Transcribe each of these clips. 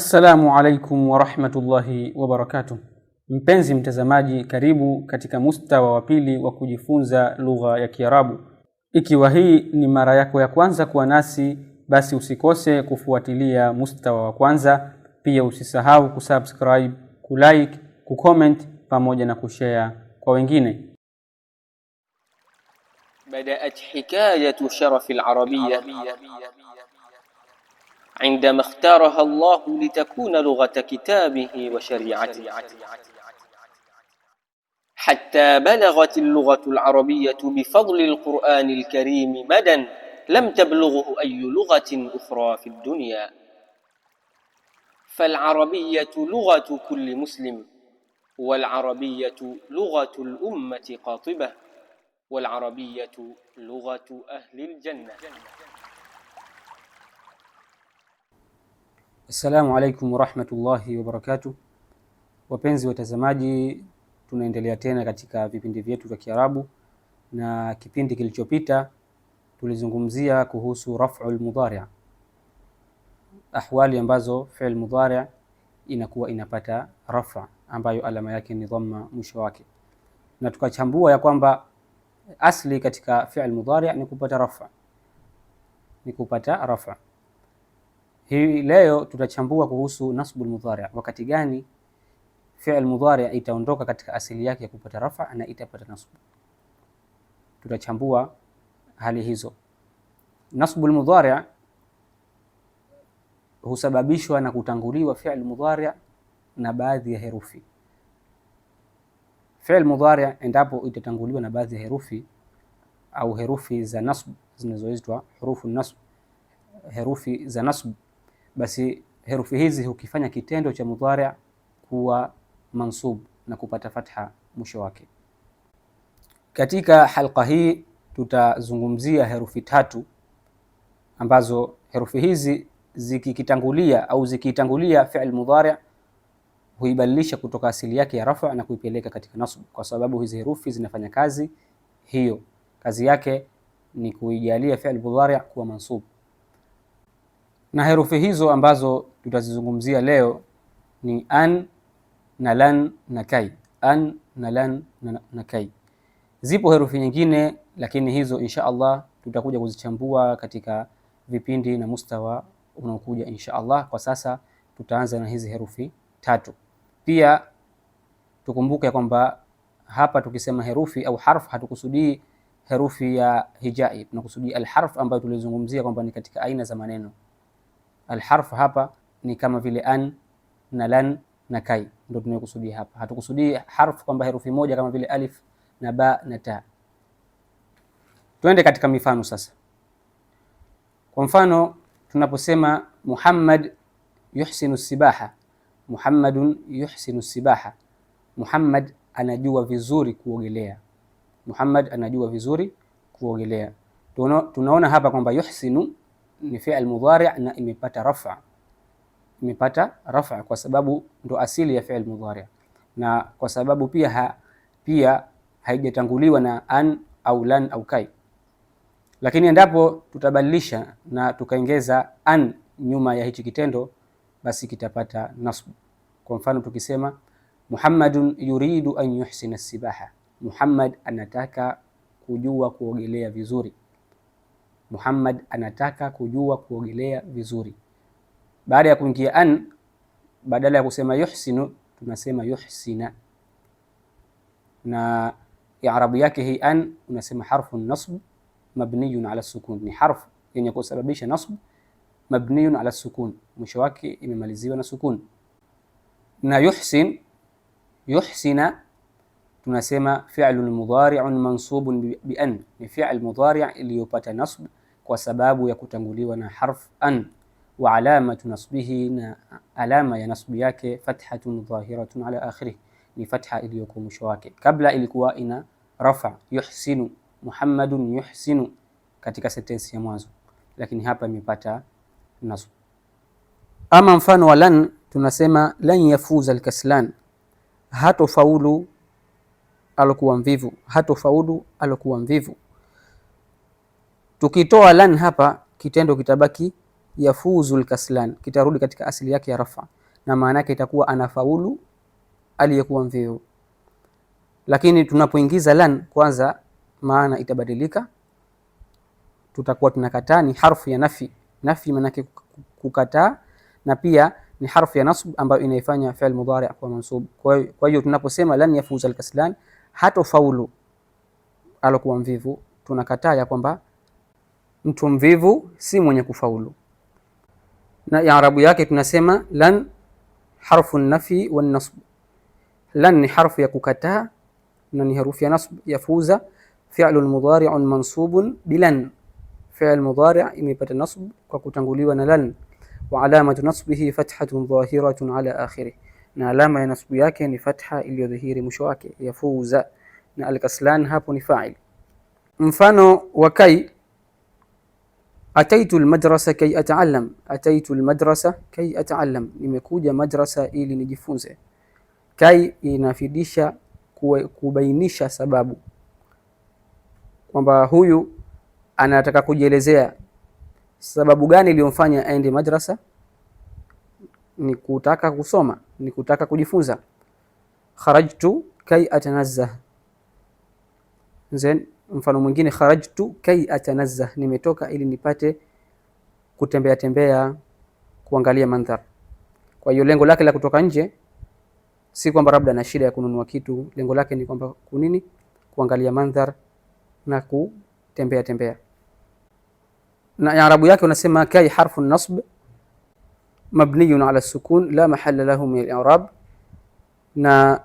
Assalamu alaikum warahmatullahi wabarakatuh. Mpenzi mtazamaji, karibu katika mustawa wa pili wa kujifunza lugha ya Kiarabu. Ikiwa hii ni mara yako ya kwanza kuwa nasi, basi usikose kufuatilia mustawa wa kwanza. Pia usisahau kusubscribe, kulike, kucomment pamoja na kushare kwa wengine. Badaat hikayatu sharafi العربية, عندما اختارها الله لتكون لغة كتابه وشريعته حتى بلغت اللغة العربية بفضل القرآن الكريم مدى لم تبلغه أي لغة أخرى في الدنيا فالعربية لغة كل مسلم والعربية لغة الأمة قاطبة والعربية لغة أهل الجنة Assalamu alaikum warahmatullahi wabarakatuh, wapenzi watazamaji, tunaendelea tena katika vipindi vyetu vya Kiarabu na kipindi kilichopita tulizungumzia kuhusu raf'u lmudhari, ahwali ambazo fi'l mudhari inakuwa inapata rafa ambayo alama yake ni dhamma mwisho wake, na tukachambua ya kwamba asli katika fi'l mudhari ni kupata rafa, ni kupata rafa hii leo tutachambua kuhusu nasbul mudhari, wakati gani fi'l mudhari itaondoka katika asili yake ya kupata rafa na itapata nasb. Tutachambua hali hizo. Nasbul mudhari husababishwa na kutanguliwa fi'l mudhari na baadhi ya herufi. Fi'l mudhari endapo itatanguliwa na baadhi ya herufi au herufi za nasb zinazoitwa hurufu nasb, herufi za nasb basi herufi hizi hukifanya kitendo cha mudhari' kuwa mansub na kupata fatha mwisho wake. Katika halqa hii tutazungumzia herufi tatu ambazo herufi hizi zikikitangulia au zikiitangulia fi'l mudhari' huibadilisha kutoka asili yake ya rafa na kuipeleka katika nasb, kwa sababu hizi herufi zinafanya kazi hiyo. Kazi yake ni kuijalia fi'l mudhari' kuwa mansub na herufi hizo ambazo tutazizungumzia leo ni an na lan na kai. An na lan na, na kai. Zipo herufi nyingine lakini hizo insha Allah tutakuja kuzichambua katika vipindi na mustawa unaokuja insha Allah. Kwa sasa tutaanza na hizi herufi tatu. Pia tukumbuke kwamba hapa tukisema herufi au harf hatukusudii herufi ya hijai, tunakusudi alharf ambayo tulizungumzia kwamba ni katika aina za maneno. Alharfu hapa ni kama vile an na lan na kai, ndio tunayokusudia hapa. Hatukusudii harfu kwamba herufi moja kama vile alif na ba na ta. Tuende katika mifano sasa. Kwa mfano tunaposema Muhammad yuhsinu sibaha, Muhammadun yuhsinu sibaha, Muhammad anajua vizuri kuogelea, Muhammad anajua vizuri kuogelea. Tunaona hapa kwamba yuhsinu ni fil mudhari na imepata rafa, imepata rafa kwa sababu ndo asili ya fil mudhari, na kwa sababu pia ha, pia haijatanguliwa na an au lan au kai. Lakini endapo tutabadilisha na tukaongeza an nyuma ya hichi kitendo, basi kitapata nasb. Kwa mfano tukisema Muhammadun yuridu an yuhsina sibaha, Muhammad anataka kujua kuogelea vizuri. Muhammad anataka kujua kuogelea vizuri. Baada ya kuingia an, badala ya kusema yuhsinu tunasema yuhsina, na i'rabu yake hii an unasema harfu nasb mabniyun ala sukun, ni harfu yenye kusababisha nasb mabniyun ala sukun, mwisho wake imemaliziwa na sukun. Na yuhsin yuhsina tunasema fi'lun mudhari'un mansubun bi an, ni fi'l mudhari' iliyopata nasb kwa sababu ya kutanguliwa na harf an, wa alamatu nasbihi, na alama ya nasbi yake fathatun dhahiratun ala akhirih, ni fatha iliyoko mwisho wake. Kabla ilikuwa ina rafa yuhsinu, Muhammadun yuhsinu katika sentensi ya mwanzo, lakini hapa imepata nasb. Ama mfano wa lan, tunasema lan yafuza alkaslan, hatofaulu alokuwa mvivu, hatofaulu alokuwa mvivu. Tukitoa lan hapa, kitendo kitabaki yafuzu lkaslan, kitarudi katika asili yake ya rafa, na maana yake itakuwa anafaulu aliyekuwa mvivu. Lakini tunapoingiza lan kwanza, maana itabadilika, tutakuwa tunakataa, ni harfu ya nafi. Nafi maanake kukataa, na pia ni harfu ya nasb ambayo inaifanya fi'l mudhari' kuwa mansub. Kwa hiyo tunaposema lan yafuzu alkaslan hato faulu alokuwa mvivu, tunakataa ya kwamba mtu mvivu si mwenye kufaulu. Na ya arabu yake tunasema lan harfu nafi wan nasb. Lan ni harfu ya kukataa na ni harufu ya nasb yafuza. filu mudhari'un mansubun bilan, fi'l mudhari' imepata nasb kwa kutanguliwa na lan, wa alamatu nasbihi fathatun dhahiratun ala akhirih na alama ya nasbu yake ni fatha iliyodhihiri mwisho wake, yafuza. Na alkaslan hapo ni fa'il. Mfano wa kai, ataitu almadrasa kai ataallam. Ataitu almadrasa kai ataallam, nimekuja madrasa ili nijifunze. Kai inafidisha kubainisha sababu kwamba huyu anataka kujielezea sababu gani iliyomfanya aende madrasa ni kutaka kusoma, ni kutaka kujifunza. Kharajtu kai atanazzah. Then mfano mwingine kharajtu kai atanazzah, nimetoka ili nipate kutembea tembea, kuangalia mandhar Kwa hiyo lengo lake la kutoka nje si kwamba labda na shida ya kununua kitu, lengo lake ni kwamba kunini, kuangalia mandhar na kutembea tembea. Na arabu yake unasema kai harfu nasb مبني على السكون لا محل له من الإعراب نا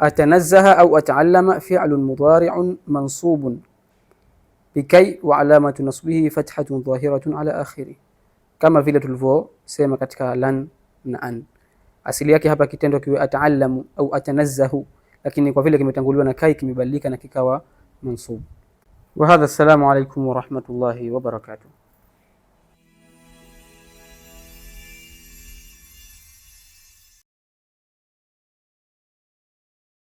أتنزه أو أتعلم فعل مضارع منصوب بكي وعلامة نصبه فتحة ظاهرة على آخره كما فيلة الفو سيما كتك لن نأن أسلي يكي هبا كتندو كي أتعلم أو أتنزه لكن كوفي لكي متنقلو أنا كي كمبليك أنا منصوب وهذا السلام عليكم ورحمة الله وبركاته